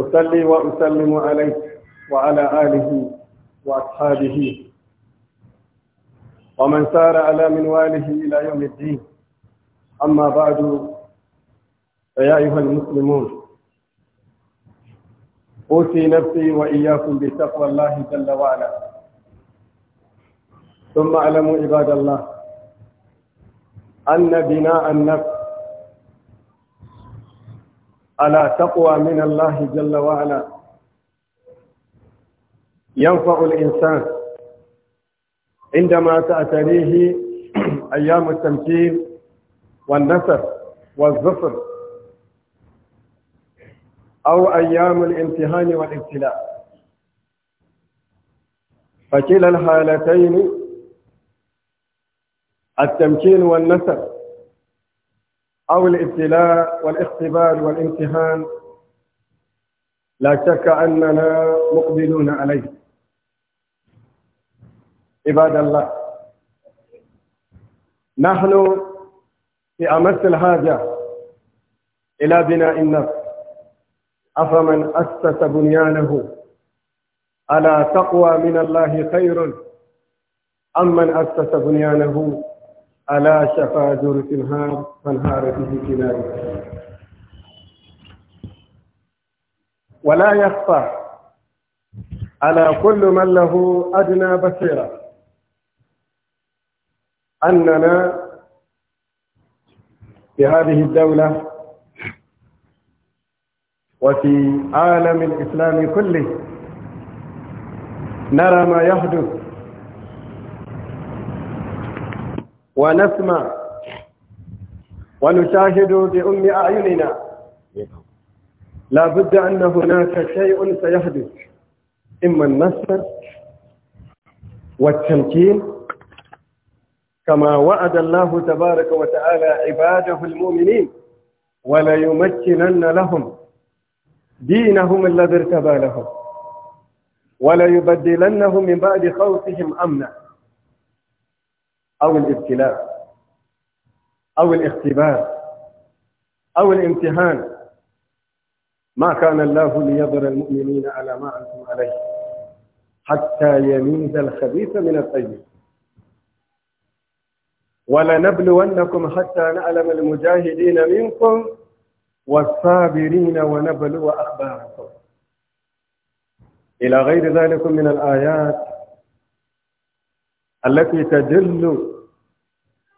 أصلي وأسلم عليه وعلى آله وأصحابه ومن سار على منواله إلى يوم الدين أما بعد فيا أيها المسلمون أوصي نفسي وإياكم بتقوى الله جل وعلا ثم اعلموا عباد الله أن بناء النفس على تقوى من الله جل وعلا ينفع الإنسان عندما تأتريه أيام التمكين والنسر والظفر أو أيام الامتحان والابتلاء فكلا الحالتين التمكين والنسب أو الابتلاء والاختبار والامتحان لا شك أننا مقبلون عليه عباد الله نحن في أمس الحاجة إلى بناء النفس أفمن أسس بنيانه على تقوى من الله خير أم من أسس بنيانه على شفا جرف الهار فانهار به كناية ولا يخفى على كل من له أدنى بصيرة أننا في هذه الدولة وفي عالم الإسلام كله نرى ما يحدث ونسمع ونشاهد بأم أعيننا لا بد أن هناك شيء سيحدث إما النصر والتمكين كما وعد الله تبارك وتعالى عباده المؤمنين وليمكنن لهم دينهم الذي ارتبى لهم وليبدلنهم من بعد خوفهم أمنا أو الابتلاء أو الاختبار أو الامتهان ما كان الله ليضر المؤمنين على ما أنتم عليه حتى يميز الخبيث من الطيب ولنبلونكم حتى نعلم المجاهدين منكم والصابرين ونبلو أخباركم إلى غير ذلك من الآيات التي تدل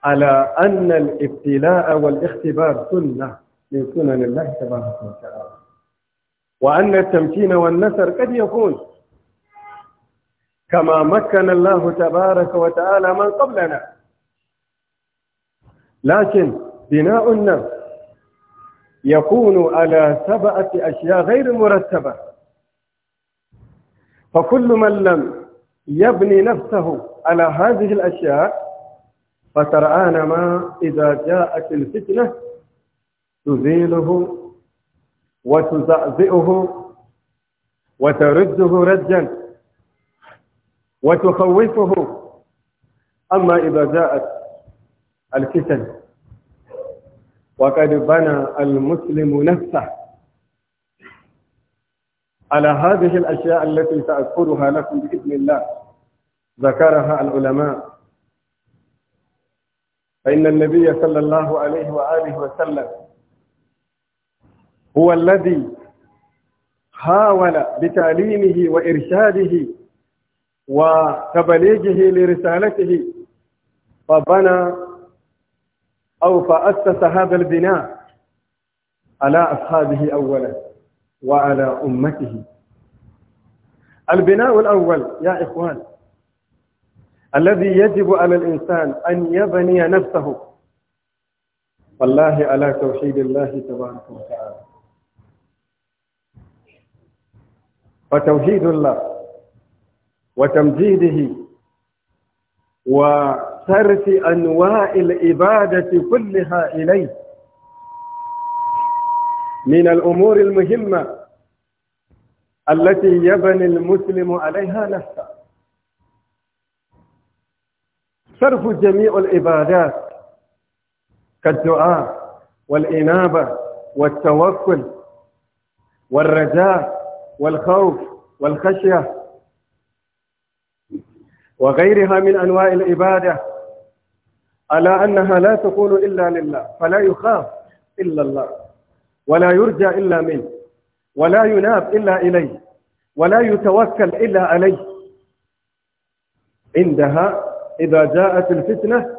على أن الابتلاء والاختبار سنة من سنن الله تبارك وتعالى وأن التمكين والنصر قد يكون كما مكن الله تبارك وتعالى من قبلنا لكن بناء النفس يكون على سبعة أشياء غير مرتبة فكل من لم يبني نفسه على هذه الأشياء فترآن ما إذا جاءت الفتنة تزيله وتزعزئه وترده رجا وتخوفه أما إذا جاءت الفتن وقد بنى المسلم نفسه على هذه الأشياء التي سأذكرها لكم بإذن الله ذكرها العلماء فإن النبي صلى الله عليه وآله وسلم هو الذي حاول بتعليمه وإرشاده وتبليغه لرسالته فبنى أو فأسس هذا البناء على أصحابه أولا وعلى أمته البناء الأول يا إخوان الذي يجب على الإنسان أن يبني نفسه والله على توحيد الله تبارك وتعالى فتوحيد الله وتمجيده وصرف أنواع العبادة كلها إليه من الأمور المهمة التي يبني المسلم عليها نفسه صرف جميع العبادات كالدعاء والإنابة والتوكل والرجاء والخوف والخشية وغيرها من أنواع العبادة على أنها لا تكون إلا لله فلا يخاف إلا الله ولا يرجى إلا منه ولا يناب إلا إليه ولا يتوكل إلا عليه عندها إذا جاءت الفتنة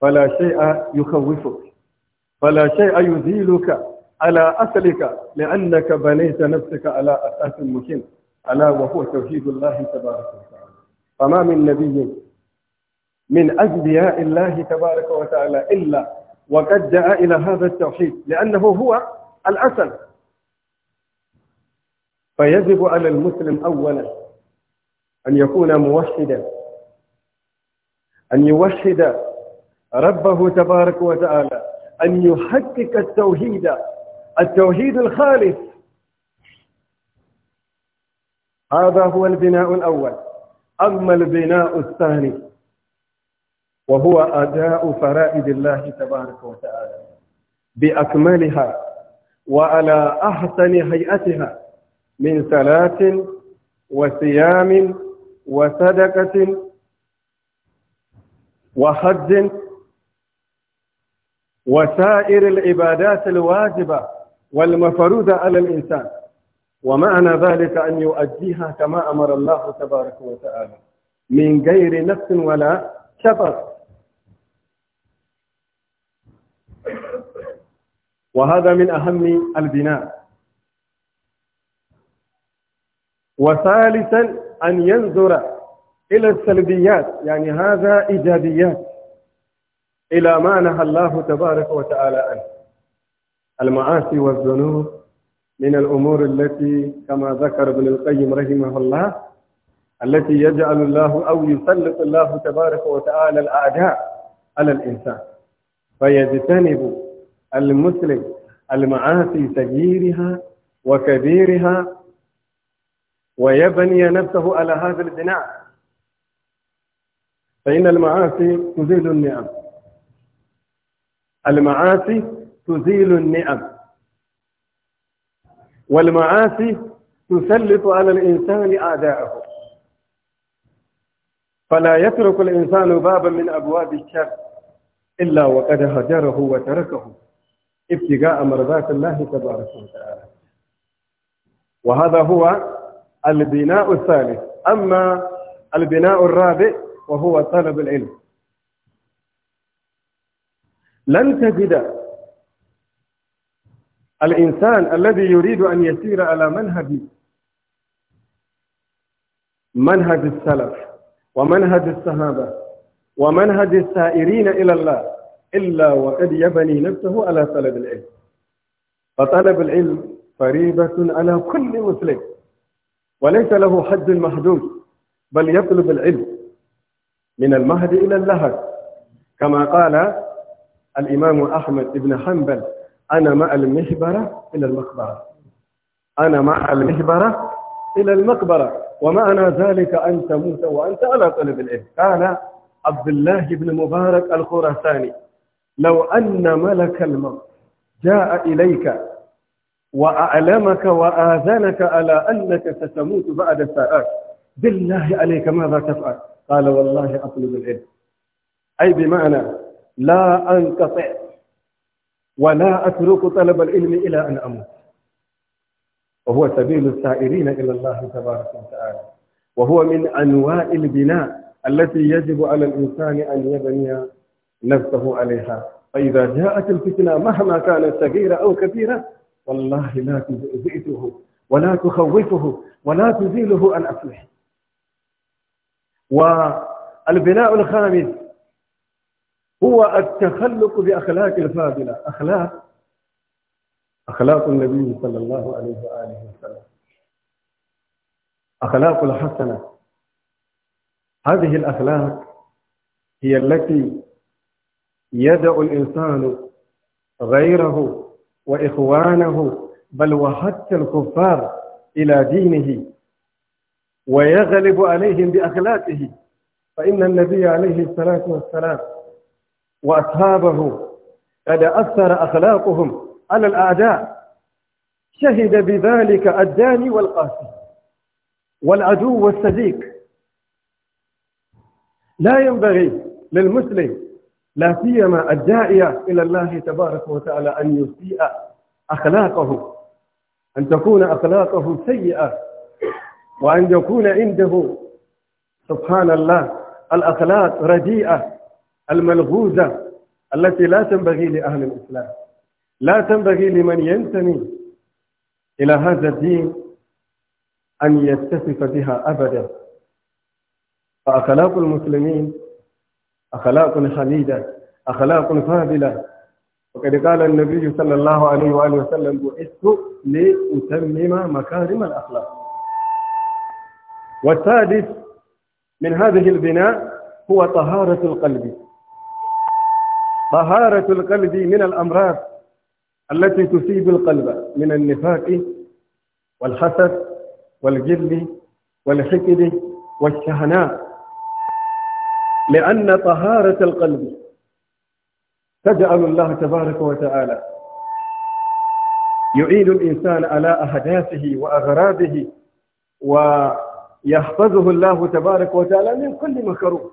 فلا شيء يخوفك فلا شيء يزيلك على أصلك لأنك بنيت نفسك على أساس مكين ألا وهو توحيد الله تبارك وتعالى فما من نبي من أنبياء الله تبارك وتعالى إلا وقد جاء إلى هذا التوحيد لأنه هو الأصل فيجب على المسلم أولا أن يكون موحدا أن يوحد ربه تبارك وتعالى أن يحقق التوحيد التوحيد الخالص هذا هو البناء الأول أما البناء الثاني وهو أداء فرائد الله تبارك وتعالى بأكملها وعلى أحسن هيئتها من صلاة وصيام وصدقة وحج وسائر العبادات الواجبة والمفروضة على الإنسان ومعنى ذلك أن يؤديها كما أمر الله تبارك وتعالى من غير نفس ولا شفق وهذا من أهم البناء وثالثا أن ينظر إلى السلبيات يعني هذا إيجابيات إلى ما نهى الله تبارك وتعالى عنه المعاصي والذنوب من الأمور التي كما ذكر ابن القيم رحمه الله التي يجعل الله أو يسلط الله تبارك وتعالى الأعداء على الإنسان فيجتنب المسلم المعاصي صغيرها وكبيرها ويبني نفسه على هذا البناء فإن المعاصي تزيل النعم المعاصي تزيل النعم والمعاصي تسلط على الإنسان أعداءه فلا يترك الإنسان بابا من أبواب الشر إلا وقد هجره وتركه ابتغاء مرضات الله تبارك وتعالى وهذا هو البناء الثالث أما البناء الرابع وهو طلب العلم لن تجد الإنسان الذي يريد أن يسير على منهج منهج السلف ومنهج الصحابة ومنهج السائرين إلى الله إلا وقد يبني نفسه على طلب العلم فطلب العلم فريضة على كل مسلم وليس له حد محدود بل يطلب العلم من المهد إلى اللهد كما قال الإمام أحمد بن حنبل أنا مع المهبرة إلى المقبرة أنا مع المهبرة إلى المقبرة ومعنى ذلك أن تموت وأنت على طلب العلم قال عبد الله بن مبارك الخراساني لو أن ملك الموت جاء إليك وأعلمك وآذنك على أنك ستموت بعد ساعات بالله عليك ماذا تفعل قال والله أطلب العلم أي بمعنى لا أنقطع ولا أترك طلب العلم إلى أن أموت وهو سبيل السائرين إلى الله تبارك وتعالى وهو من أنواع البناء التي يجب على الإنسان أن يبني نفسه عليها فإذا جاءت الفتنة مهما كانت صغيرة أو كبيرة والله لا تزئته ولا تخوفه ولا تزيله عن أصله والبناء الخامس هو التخلق بأخلاق الفاضلة أخلاق أخلاق النبي صلى الله عليه وآله وسلم أخلاق الحسنة هذه الأخلاق هي التي يدع الإنسان غيره وإخوانه بل وحتى الكفار إلى دينه ويغلب عليهم بأخلاقه فإن النبي عليه الصلاة والسلام وأصحابه قد أثر أخلاقهم على الأعداء شهد بذلك الداني والقاسي والعدو والصديق لا ينبغي للمسلم لا سيما الداعية إلى الله تبارك وتعالى أن يسيء أخلاقه أن تكون أخلاقه سيئة وأن يكون عنده سبحان الله الأخلاق رديئة الملغوزة التي لا تنبغي لأهل الإسلام لا تنبغي لمن ينتمي إلى هذا الدين أن يتصف بها أبدا فأخلاق المسلمين أخلاق حميدة أخلاق فاضلة وقد قال النبي صلى الله عليه وآله وسلم بعثت لأتمم مكارم الأخلاق والسادس من هذه البناء هو طهارة القلب طهارة القلب من الأمراض التي تصيب القلب من النفاق والحسد والجل والحقد والشهناء لأن طهارة القلب تجعل الله تبارك وتعالى يعيد الإنسان على أهدافه وأغراضه و يحفظه الله تبارك وتعالى من كل مكروه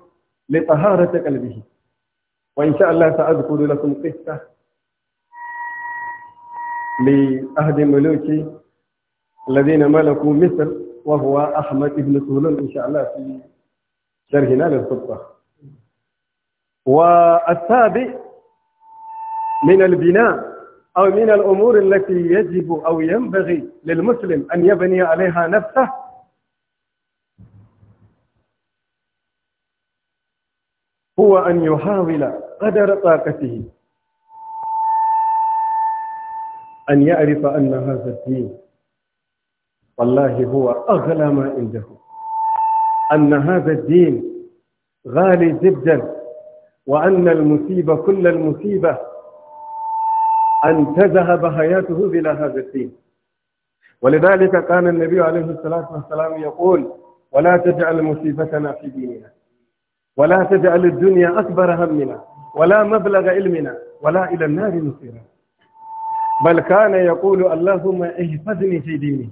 لطهارة قلبه وإن شاء الله سأذكر لكم قصة لأحد ملوك الذين ملكوا مصر وهو أحمد بن سهلون إن شاء الله في شرحنا للخطة والتابع من البناء أو من الأمور التي يجب أو ينبغي للمسلم أن يبني عليها نفسه هو أن يحاول قدر طاقته أن يعرف أن هذا الدين والله هو أغلى ما عنده أن هذا الدين غالي جدا وأن المصيبة كل المصيبة أن تذهب حياته بلا هذا الدين ولذلك كان النبي عليه الصلاة والسلام يقول ولا تجعل مصيبتنا في ديننا ولا تجعل الدنيا أكبر همنا ولا مبلغ علمنا ولا إلى النار نصيرا بل كان يقول اللهم احفظني في ديني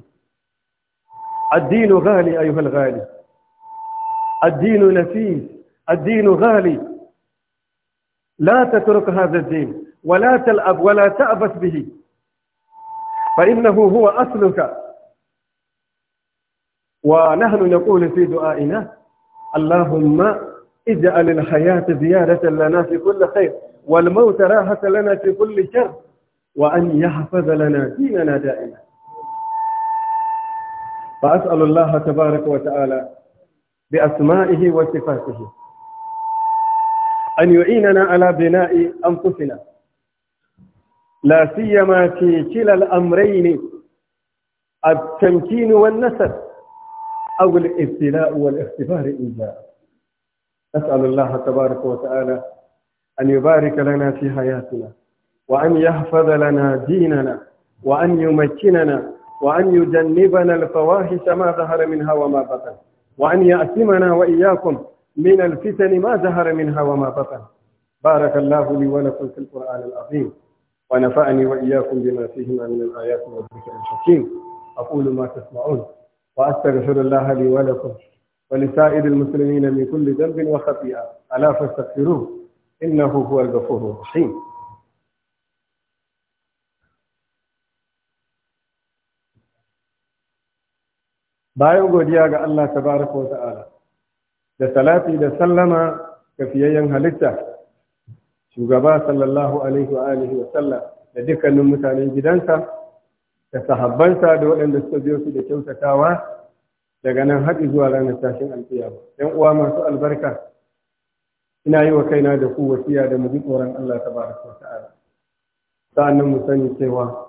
الدين غالي أيها الغالي الدين نفيس الدين غالي لا تترك هذا الدين ولا تلعب ولا تعبث به فإنه هو أصلك ونحن نقول في دعائنا اللهم اجعل الحياة زيادة لنا في كل خير والموت راحة لنا في كل شر وأن يحفظ لنا ديننا دائما فأسأل الله تبارك وتعالى بأسمائه وصفاته أن يعيننا على بناء أنفسنا لا سيما في كلا الأمرين التمكين والنسب أو الابتلاء والاختبار إن جاء أسأل الله تبارك وتعالى أن يبارك لنا في حياتنا وأن يحفظ لنا ديننا وأن يمكننا وأن يجنبنا الفواحش ما ظهر منها وما بطن وأن يأتمنا وإياكم من الفتن ما ظهر منها وما بطن بارك الله لي ولكم في القرآن العظيم ونفعني وإياكم بما فيهما من الآيات والذكر الحكيم أقول ما تسمعون وأستغفر الله لي ولكم ولسائر المسلمين من كل ذنب وخطيئة ألا فاستغفروه إنه هو الغفور الرحيم bayan godiya ga Allah tabaraka wa ta'ala da salati da sallama ga fiyayyen halitta shugaba sallallahu alaihi wa alihi wa sallam da dukkanin mutanen gidansa da sahabbansa da waɗanda suka biyo su da kyautatawa daga nan haɗi zuwa ranar tashin ba yan uwa masu albarka ina yi wa kaina da ku wasiya da mu ji tsoron Allah ta tabaraka wa ta'ala sa'annan mu sani cewa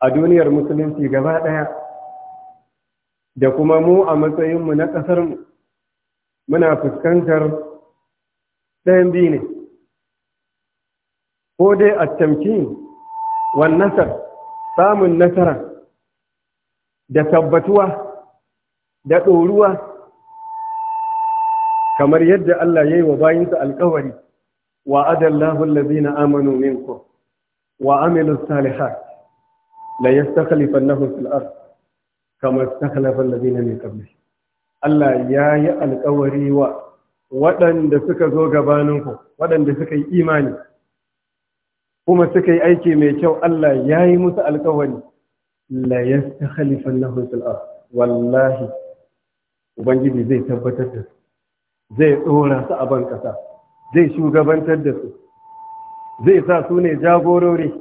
a duniyar musulunci gaba ɗaya da kuma mu a matsayinmu na ƙasar muna fuskantar ɗayan bi ne ko dai a tamkin wannan samun nasara da tabbatuwa da ɗoruwa kamar yadda Allah ya yi wa bayinsa alkawari wa adallahu allazina amanu minkum wa amilu salihat la yastakhlifannahum fil ard kama istakhlafa allazina min qablihim Allah ya yi alkawari wa waɗanda suka zo gabaninku waɗanda suka yi imani kuma suka yi aiki mai kyau Allah ya yi musu alkawari la yastakhlifannahum fil ard wallahi ubangiji zai tabbatar da su zai dora su a ban kasa zai shugabantar da su zai sa su ne jagorori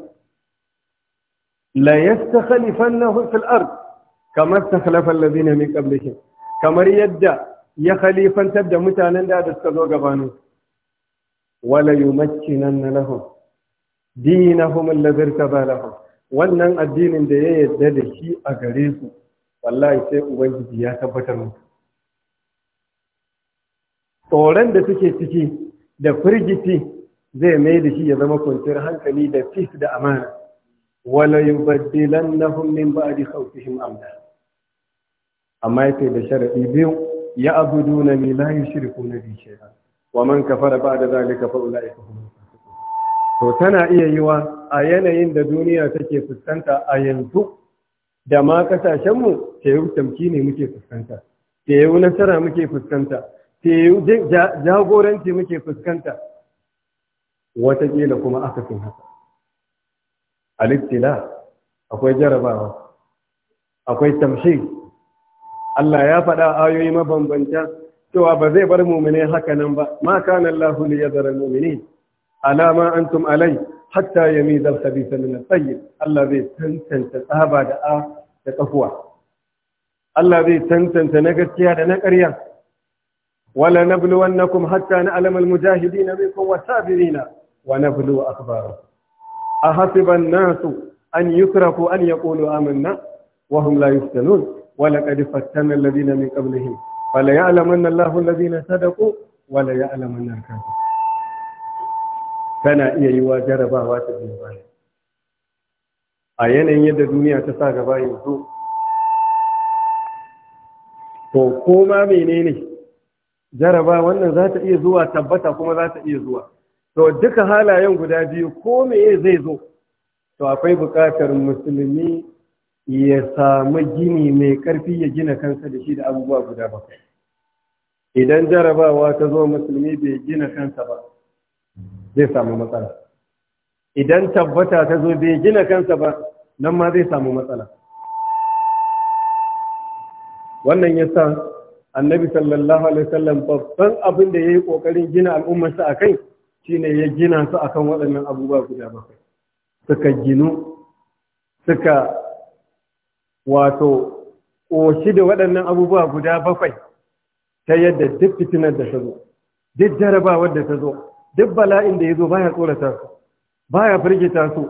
la yastakhlifannahum fil ard kama istakhlafa alladhina min qablihim kamar yadda ya khalifantar da mutanen da da suka zo gabanin wala yumakkinanna lahum dinahum alladhi irtaba lahum wannan addinin da ya yarda da shi a gare su wallahi sai ubangiji ya tabbatar musu tsoron da suke ciki da firgiti zai mai da shi ya zama kwanciyar hankali da fis da amana wala na yubaddilannahum min ba'di shi amna amma yake da sharaɗi biyu ya abuduna ni milayin shirku na bi waman wa man kafara ba'da zalika ya kafa hum to tana iya yiwa a yanayin da duniya take fuskanta a yanzu da ma kasashenmu ta yi tamki ne muke fuskanta ta yi nasara muke fuskanta ta yi jagoranci muke fuskanta watakila kuma aka fi haka alittila akwai jarabawa akwai tamshi Allah ya faɗa ayoyi mabambanta cewa ba zai bar mumine haka nan ba ma kanan Allah ya zara al ala ma antum alai hatta yamiz al-khabitha min al-tayyib Allah zai tantance tsaba da a da kafuwa Allah zai tantance na gaskiya da na ƙarya wala nabluwannakum hatta na. al-mujahidin minkum was-sabirin wa nablu akhbarakum ahasiba an-nasu an yukraku an yaqulu amanna wa hum la yuftanun ولقد فتن الذين من قبلهم فليعلمن الله الذين صدقوا وليعلمن الكاذبين tana iya yi wa jarabawa ta biyu baya a yanayin yadda duniya ta sa gaba yanzu to koma menene jaraba wannan za ta iya zuwa tabbata kuma za ta iya zuwa to duka halayen guda biyu ko meye zai zo to akwai buƙatar musulmi ya samu gini mai ƙarfi ya gina kansa da shi da abubuwa guda bakwai idan jarabawa ta zo musulmi bai gina kansa ba zai samu matsala idan tabbata ta zo bai gina kansa ba nan ma zai samu matsala wannan ya sa annabi sallallahu alaihi wasallam babban abin da ya yi ƙoƙarin gina al'ummarsa a kai shi ne ya gina su akan waɗannan abubuwa guda bakwai suka ginu suka wato ƙoshi da waɗannan abubuwa guda bakwai ta yadda duk fitinar da ta zo duk jarabawar da ta zo duk bala'in da ya zo baya tsorata su baya firgita su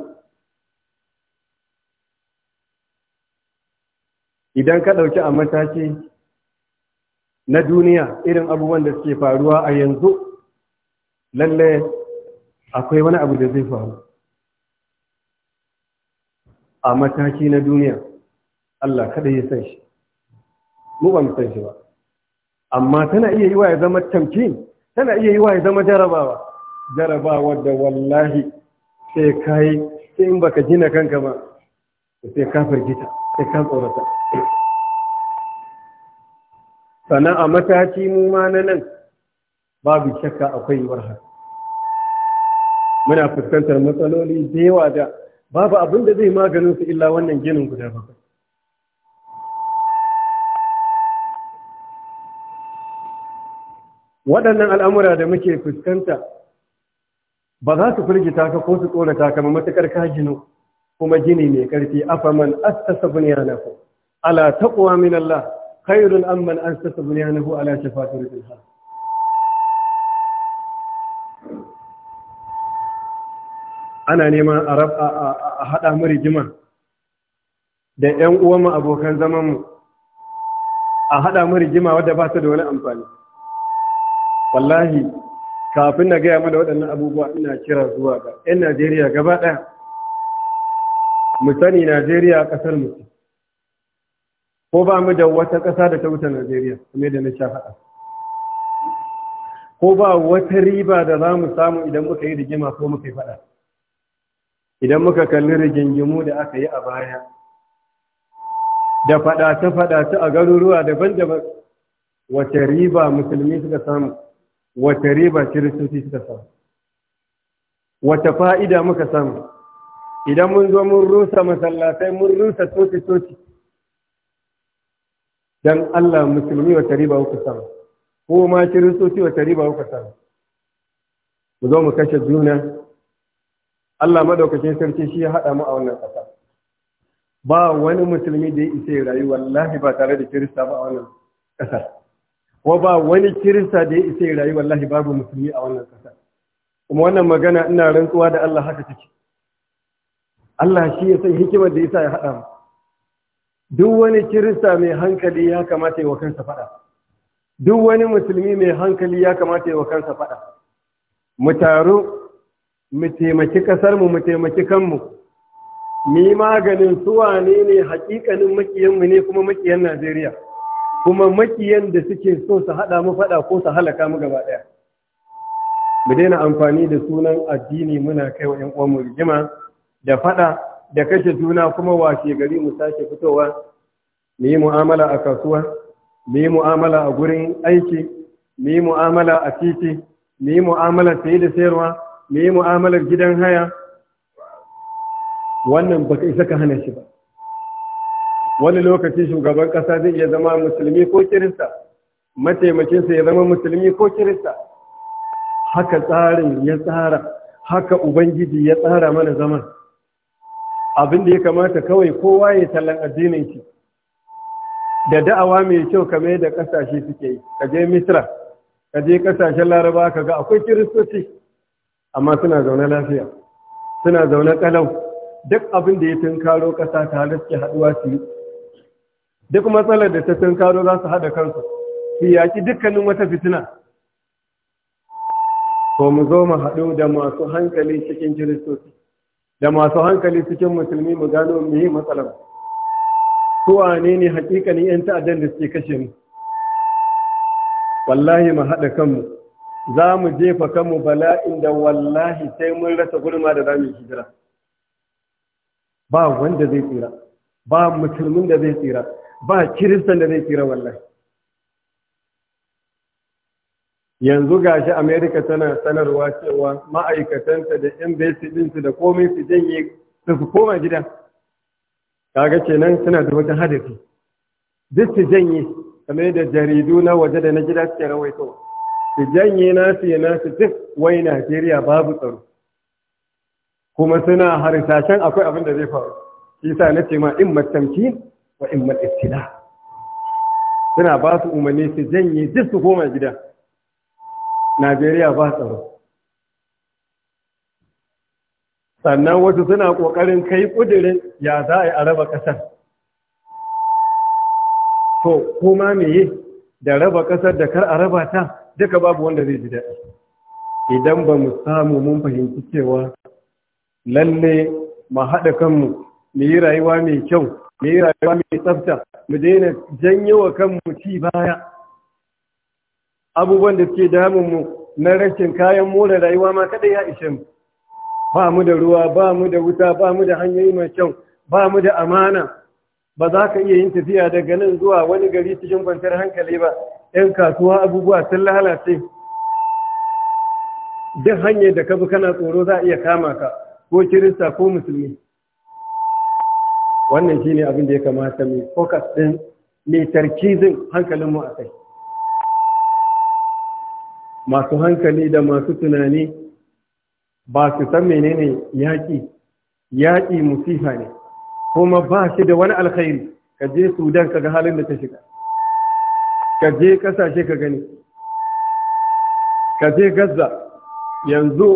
idan ka ɗauki a mataki na duniya irin abubuwan da suke faruwa a yanzu lalle akwai wani abu da zai faru a mataki na duniya Allah kada ya san shi mu ba mu san shi ba amma tana iya yi wa ya zama tamkin tana iya yi wa ya zama jarabawa jarabawa da wallahi sai ka yi sai in baka gina kanka ba sai ka firgita sai ka tsorata sana a mataki mu ma na nan babu shakka akwai yiwuwar haka muna fuskantar matsaloli da yawa da babu abin da zai maganin su illa wannan ginin guda ba. waɗannan al'amura da muke fuskanta ba za su firgita ka ko su tsorata ka ba matuƙar kajinu kuma gini mai karfi afaman astasa bunyanahu ala taqwa min Allah khairun amman astasa bunyanahu ala shafa turbil ha ana neman a haɗa mu rigima da ‘yan uwanmu abokan zamanmu a hada mu rigima wadda ba ta da wani amfani. Wallahi, kafin na gaya mana waɗannan abubuwa ina kira zuwa ga 'yan najeriya gaba ɗaya mu sani najeriya ƙasar mutu, ko ba mu da wata ƙasa da ta wuce najeriya kuma da na sha faɗa ko ba wata riba da za mu samu idan muka yi rigima ko muka yi faɗa idan muka kalli rigingimu da aka yi a baya da faɗace-faɗace a garuruwa daban-daban wace riba musulmi suka samu wata riba kiristoci suka samu wata fa'ida muka samu idan mun zo mun rusa masallatai mun rusa toci-toci don Allah musulmi wata riba kuka samu ko ma kiristoci wata riba kuka samu mu zo mu kashe juna Allah madaukakin sarki shi ya haɗa mu a wannan ƙasa ba wani musulmi da ya isa ya rayu wallahi ba tare da kirista ba a wannan ƙasar ko ba wani kirista da ya isa ya rayu wallahi babu musulmi a wannan ƙasa kuma wannan magana ina rantsuwa da Allah haka take Allah shi ya san hikimar da yasa ya haɗa mu duk wani kirista mai hankali ya kamata ya wa kansa faɗa duk wani musulmi mai hankali ya kamata ya wa kansa faɗa mu taru mu taimaki ƙasarmu mu taimaki kanmu mu yi maganin suwa ne ne hakikanin makiyanmu ne kuma makiyan Najeriya kuma makiyan da suke so su haɗa mu faɗa ko su halaka mu gaba ɗaya mu daina amfani da sunan addini muna kai wa ƴan uwanmu rigima da faɗa da kashe juna kuma washe gari mu sake fitowa mu yi mu'amala a kasuwa mu yi mu'amala a gurin aiki mu yi mu'amala a titi mu yi mu'amala saye da sayarwa mu yi mu'amalar gidan haya wannan baka isa ka hana shi ba wani lokaci shugaban ƙasa zai iya zama musulmi ko kirista mataimakinsa ya zama musulmi ko kirista haka tsarin ya tsara haka ubangiji ya tsara mana zaman abin da ya kamata kawai kowa ya tallan addinin shi da da'awa mai kyau kamar da ƙasashe suke yi ka je misra ka je ƙasashen laraba ka ga akwai kiristoci amma suna zaune lafiya suna zaune kalau duk abin da ya tunkaro ƙasa ta halarci haɗuwa su yi duk matsalar da ta tunkaro za su haɗa kansu su yaƙi dukkanin wata fitina ko mu zo mu haɗu da masu hankali cikin kiristoci da masu hankali cikin musulmi mu gano mu yi matsalar su ne ne 'yan ta'addar da suke kashe mu wallahi mu haɗa kanmu za mu jefa kanmu bala'in da wallahi sai mun rasa gurma da za mu hijira ba wanda zai tsira ba musulmin da zai tsira ba kiristan da zai kira wallahi yanzu gashi Amerika tana sanarwa cewa ma'aikatanta da embassy ɗinsu da komai su janye su su koma gida kaga kenan suna da wata hadafi duk su janye kamar da jaridu na waje da na gida suke rawaito su janye nasu ya nasu duk wai najeriya babu tsaro kuma suna harsashen akwai abin da zai faru shi sa na ce ma in matamci wa imma suna ba su umarni su janye duk su koma gida Najeriya ba tsaro sannan wasu suna ƙoƙarin kai ƙudurin ya za a yi a raba ƙasar to kuma meye da raba ƙasar da kar a raba ta duka babu wanda zai ji daɗi idan ba mu samu mun fahimci cewa lalle mu haɗa kanmu mu yi rayuwa mai kyau mai yawa rayuwa mai tsafta mu daina janyo wa kanmu ci baya abubuwan da suke damun mu na rashin kayan more rayuwa ma kada ya ishe mu ba mu da ruwa ba mu da wuta ba mu da hanyoyi mai kyau ba mu da amana ba za ka iya yin tafiya daga nan zuwa wani gari cikin kwantar hankali ba yan kasuwa abubuwa sun lalace duk hanyar da ka bi kana tsoro za a iya kama ka ko kirista ko musulmi wannan shi ne abin da ya kamata mai focus din mai tarkizin hankalin mu kai? masu hankali da masu tunani ba su san menene yaƙi yaƙi musifa ne kuma ba shi da wani alkhairi ka je sudan ka ga halin da ta shiga ka je kasashe ka gani ka je gaza yanzu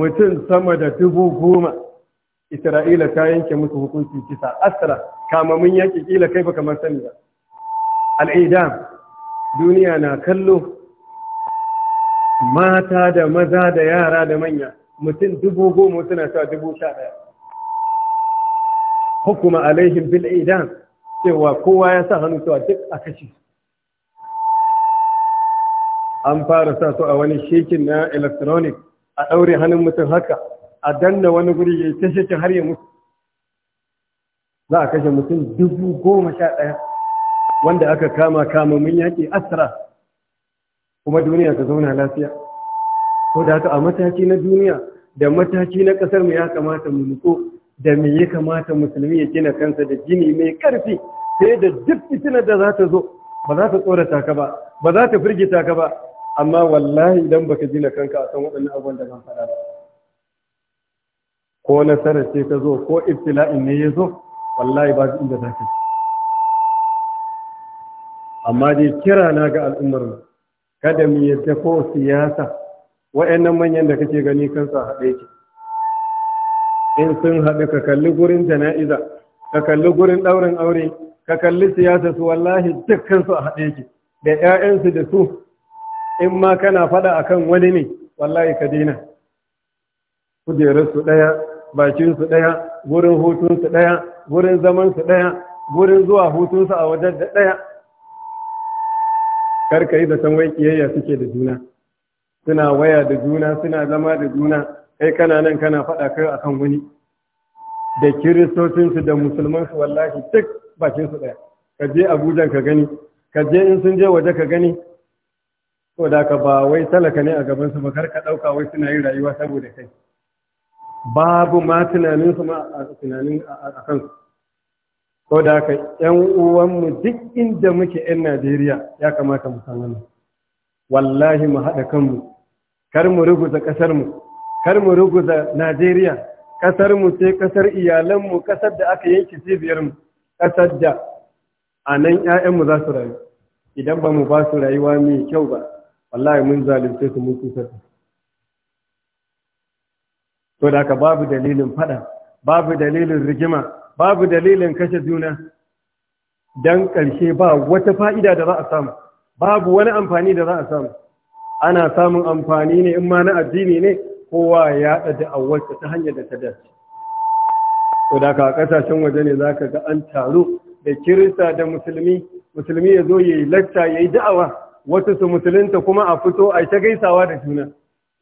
mutum sama da dubu goma Isra'ila ta yanke musu hukuncin kisa asra kamamin yaki ƙila kai ba kamar sani ba al'idam duniya na kallo mata da maza da yara da manya mutum dubu goma suna sa dubu sha ɗaya hukuma alaihim bil idam cewa kowa ya sa hannu cewa duk a kashe an fara sa su a wani shekin na electronic a ɗaure hannun mutum haka a danna wani guri ya ta shi har ya mutu za a kashe mutum dubu goma sha ɗaya wanda aka kama kama mun yaƙi asra kuma duniya ka zauna lafiya ko da haka a mataki na duniya da mataki na ƙasar mu ya kamata mu nuko da me ya kamata musulmi ya gina kansa da jini mai ƙarfi sai da duk fitina da za ta zo ba za ta tsorata ka ba ba za ta firgita ka ba amma wallahi idan baka gina kanka a san waɗannan abubuwan da ban faɗa ba ko nasarar ce ta zo ko iftila'in ne ya zo wallahi ba inda za ka amma dai kira na ga al'ummar kada mu yadda ko siyasa wa'annan manyan da kake gani kansa haɗe ki in sun haɗu ka kalli gurin jana'iza ka kalli gurin ɗaurin aure ka kalli siyasa su wallahi dukkan su a haɗe ki da 'ya'yansu da su in ma kana faɗa akan wani ne wallahi ka daina su ɗaya bakinsu ɗaya wurin hutunsu ɗaya wurin zamansu ɗaya wurin zuwa hutunsu a wajen da ɗaya karka yi san wai kiyayya suke da juna suna waya da juna suna zama da juna kai kana nan kana faɗa kai kan wani da kiristocinsu da musulmansu wallahi duk bakinsu ɗaya ka je abuja ka gani ka je in sun je waje ka gani ko da ka ba wai talaka ne a gabansu ba kar ka ɗauka wai suna yi rayuwa saboda kai babu ma tunanin su ma a tunanin a kansu ko da haka yan uwanmu duk inda muke yan Najeriya ya kamata mu san wannan wallahi mu haɗa kanmu kar mu ruguza ƙasar mu kar mu ruguza Najeriya ƙasar mu sai ƙasar iyalanmu ƙasar da aka yanke cibiyar mu ƙasar da a nan mu za su rayu idan ba mu ba su rayuwa mai kyau ba wallahi mun zalunce su mun kusa to da babu dalilin fada babu dalilin rigima babu dalilin kashe juna dan ƙarshe ba wata fa'ida da za a samu babu wani amfani da za a samu ana samun amfani ne in ma na addini ne kowa ya ɗaɗa awwarsa ta hanyar da ta dace to da ka ƙasashen waje ne zaka ga an taru da kirista da musulmi musulmi ya zo ya yi lacca ya da'awa wasu su musulunta kuma a fito a ta gaisawa da juna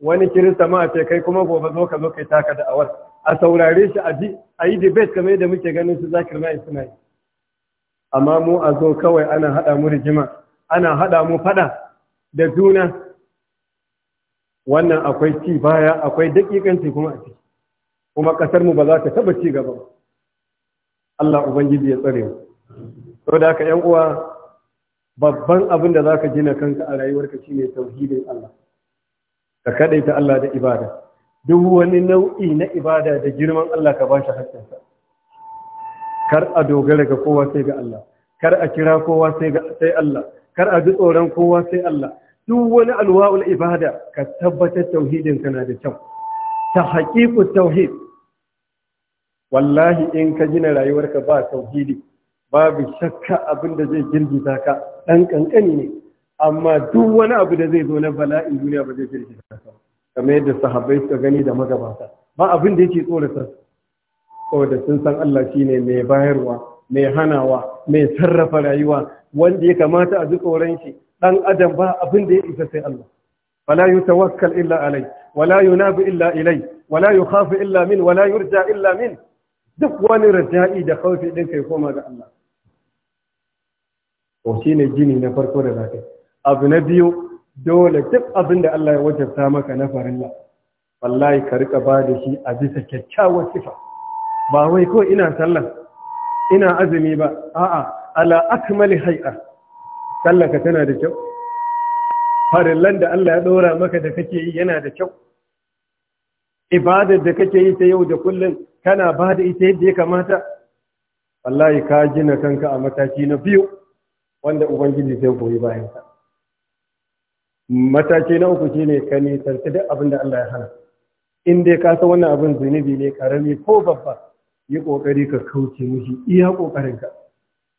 wani kirista ma a ce kai kuma gobe zo ka zo kai taka awar. a saurare shi a ji a yi debate kamar yadda muke ganin su zakir na suna yi amma mu a zo kawai ana haɗa mu rigima ana haɗa mu faɗa da juna wannan akwai ci baya akwai daƙiƙanci kuma a ciki kuma kasar mu ba za ta taɓa ci gaba Allah ubangiji ya tsare mu da haka ƴan uwa babban abin da zaka gina kanka a rayuwarka shine tauhidin Allah ka ta Allah da ibada duk wani nau'i na ibada da girman Allah ka bashi hakkinsa kar a dogara ga kowa sai ga Allah kar a kira kowa sai ga sai Allah kar a ji tsoron kowa sai Allah duk wani alwa'ul ibada ka tabbatar tauhidin kana da kyau ta haƙiƙu tauhid wallahi in ka gina rayuwarka ba tauhidi babu shakka abin da zai girgiza ka ɗan ƙanƙani ne amma duk wani abu da zai zo na bala'in duniya ba zai girgiza kamar da sahabbai suka gani da magabata ba abin da yake tsorata saboda sun san Allah shine mai bayarwa mai hanawa mai sarrafa rayuwa wanda ya kamata a ji tsoron shi dan adam ba abin da ya isa sai Allah wala yutawakkal illa alai wala yunabu illa ilai wala yukhafu illa min wala yurja illa min duk wani raja'i da khawfi din kai koma ga Allah to shine gini na farko da zakai abu na biyu dole duk abin da Allah ya wajabta maka na la wallahi ka rika ba da shi a bisa kyakkyawar sifa ba wai ko ina sallah ina azumi ba a'a ala akmali hay'a sallah ka tana da kyau farillan da Allah ya dora maka da kake yi yana da kyau ibadar da kake yi ta yau da kullum kana ba da ita yadda ya kamata wallahi ka gina kanka a mataki na biyu wanda ubangiji zai koyi sa. mataki na uku shi ne ka nisanci duk abin da Allah ya hana in dai ka san wannan abin zunubi ne karami ko babba yi kokari ka kauce mishi iya ƙoƙarinka.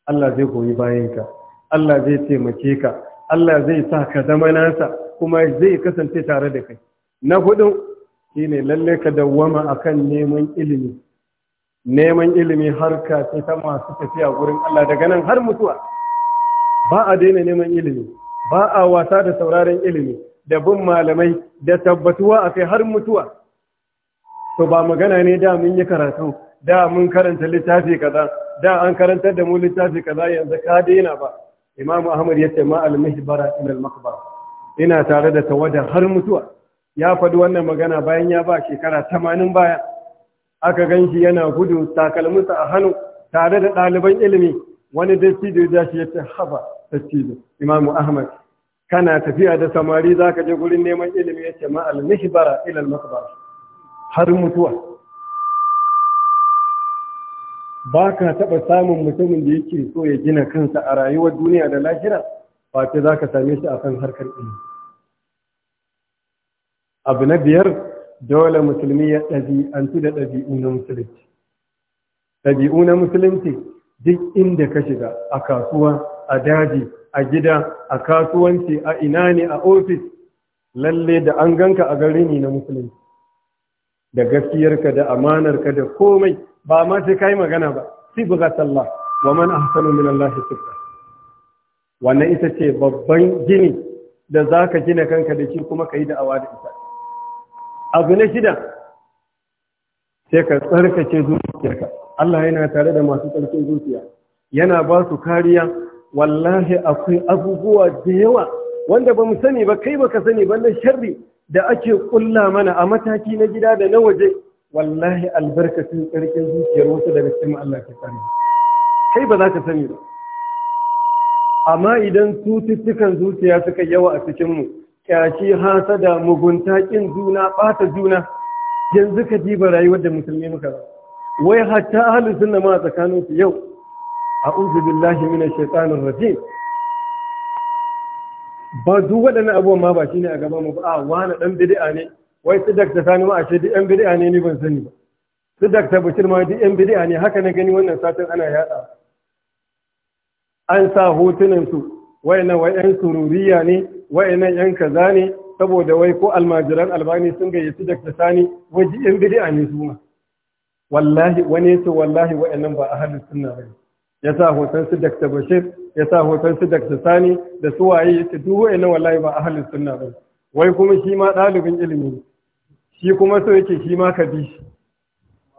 Allah zai koyi bayanka Allah zai taimake ka Allah zai sa ka zama nasa kuma zai kasance tare da kai na hudu ne lalle ka dawwama akan neman ilimi neman ilimi har ka ce ta masu tafiya gurin Allah daga nan har mutuwa ba a daina neman ilimi ba a wasa da sauraron ilimi da bin malamai da tabbatuwa a kai har mutuwa to ba magana ne da mun yi karatu da mun karanta littafi kaza da an karantar da mu littafi kaza yanzu ka daina ba imam ahmad yace ma al mihbara ila al maqbar ina tare da tawada har mutuwa ya faɗi wannan magana bayan ya ba shekara 80 baya aka ganshi yana gudu takalmusa a hannu tare da ɗaliban ilimi wani dattijo ya ce haba dattijo Imam Ahmad kana tafiya da samari zaka je gurin neman ilimi yace ma al mihbara ila al maqbar har mutuwa ba ka taɓa samun mutumin da yake so ya gina kansa a rayuwar duniya da lahira ba ta za same shi a kan harkar ilimi abu na biyar dole musulmi ya ɗabi'antu da ɗabi'u na musulunci ɗabi'u na musulunci duk inda ka shiga a kasuwa a daji a gida a kasuwanci a ina ne a ofis lalle da an ganka a gari ne na musulunci da gaskiyarka da amanarka da komai ba ma sai kai magana ba sai buga sallah wa man ahsanu min Allah sifa wannan ita ce babban gini da zaka gina kanka da shi kuma kai da'awa da ita abu na shida sai ka tsarkake zuciyarka Allah yana tare da masu tsarkin zuciya yana ba su kariya wallahi akwai abubuwa da yawa wanda ba mu sani ba kai baka sani ba na sharri da ake kulla mana a mataki na gida da na waje wallahi albarkacin karkin zuciyar wasu daga cikin Allah ta tsare kai ba za ka sani ba amma idan cututtukan zuciya suka yawa a cikin mu kyashi hasada mugunta kin juna bata juna yanzu ka diba rayuwar da musulmi muka ba, wai hatta ahlus sunna ma tsakaninsu yau a'udhu mina minash shaitanir rajim ba duk waɗannan abubuwan ma ba shine a gaban mu ba a wani dan bid'a wai sidak ta sani ma a ce duk yan bid'a ni ban sani ba sidak ta bashir ma duk yan bid'a ne haka na gani wannan satin ana yada an sa hotunan su wayannan wai yan sururiya ne wayannan yan kaza ne saboda wai ko almajiran albani sun gayyaci da ta sani waje yan wallahi wani wallahi ba ahlus sunna bane ya sa hoton su Dr. Bashir ya sa hoton su Dr. Sani da su waye su ce duk wa'annan wallahi ba ahlus sunna ba wai kuma shi ma ɗalibin ilimi shi kuma so yake shi ma ka bi shi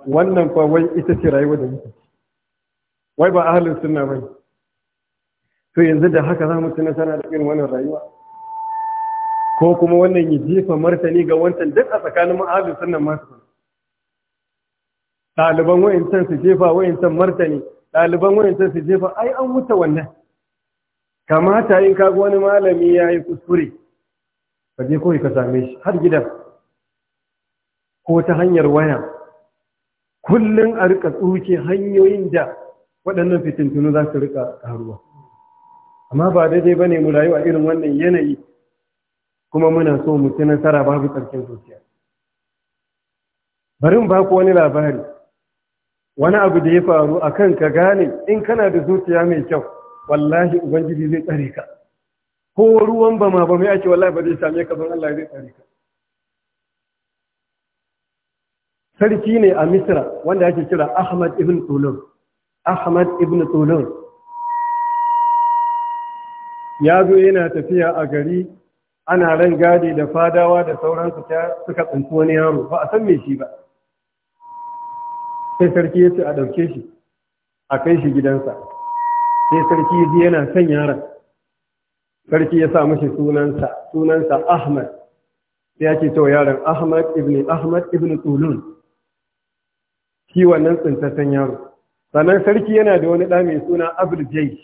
wannan fa wai ita ce rayuwa da muke wai ba ahlus sunna ba to yanzu da haka za mu ci nasara da irin wannan rayuwa ko kuma wannan ya jefa martani ga wancan duk a tsakanin mu ahlus sunna ma su ɗaliban wa'incan su jefa wa'incan martani ɗaliban wayancan su jefa ai an wuta wannan kamata in kagu wani malami ya yi kuskure ka je kawai ka same shi har gidan ko ta hanyar waya kullum a rika tsuke hanyoyin da waɗannan fitintunu za su rika karuwa amma ba daidai ba ne mu rayu a irin wannan yanayi kuma muna so mu ci nasara babu tsarkin zuciya bari mu ba ku wani labari wani abu da ya faru a kan ka gane in kana da zuciya mai kyau wallahi ubangiji zai tsare ka ko ruwan ba ma ba mai ake wallahi ba zai same ka ban Allah zai tsare ka sarki ne a misra wanda ake kira ahmad ibn tulun ahmad ibn tulun ya zo yana tafiya a gari ana ran gadi da fadawa da sauransu suka tsinci wani yaro ba a san me shi ba sai sarki ya ce a ɗauke shi a kai shi gidansa sai sarki ya ji yana son yaron sarki ya sa mashi sunansa sunansa ahmad sai ya ce to yaron ahmad ibn ahmad ibn tulun shi wannan tsintattun yaro sannan sarki yana da wani ɗa mai suna abul jai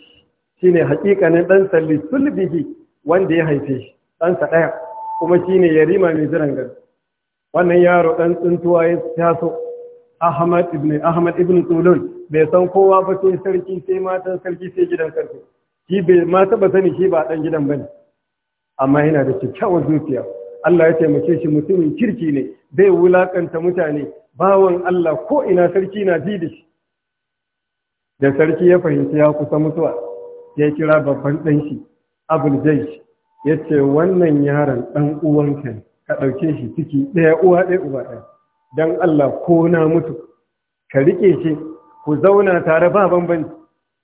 shi ne hakikanin ɗan salli sulbihi wanda ya haife shi ɗansa ɗaya kuma shi ne yarima mai jiran gari wannan yaro ɗan tsintuwa ya taso Ahmad ibn Ahmad ibn Tulun bai san kowa ba sai sarki sai matan sarki sai gidan sarki shi bai ma taba sani shi ba dan gidan bane amma yana da kyakkyawar zuciya Allah ya taimake shi mutumin kirki ne bai wulakanta mutane bawan Allah ko ina sarki na ji da shi da sarki ya fahimci ya kusa mutuwa ya kira babban ɗan shi abul yace yace wannan yaron dan uwanka ka dauke shi ciki daya uwa daya uba daya. don Allah ko na mutu ka rike shi ku zauna tare ba bambanci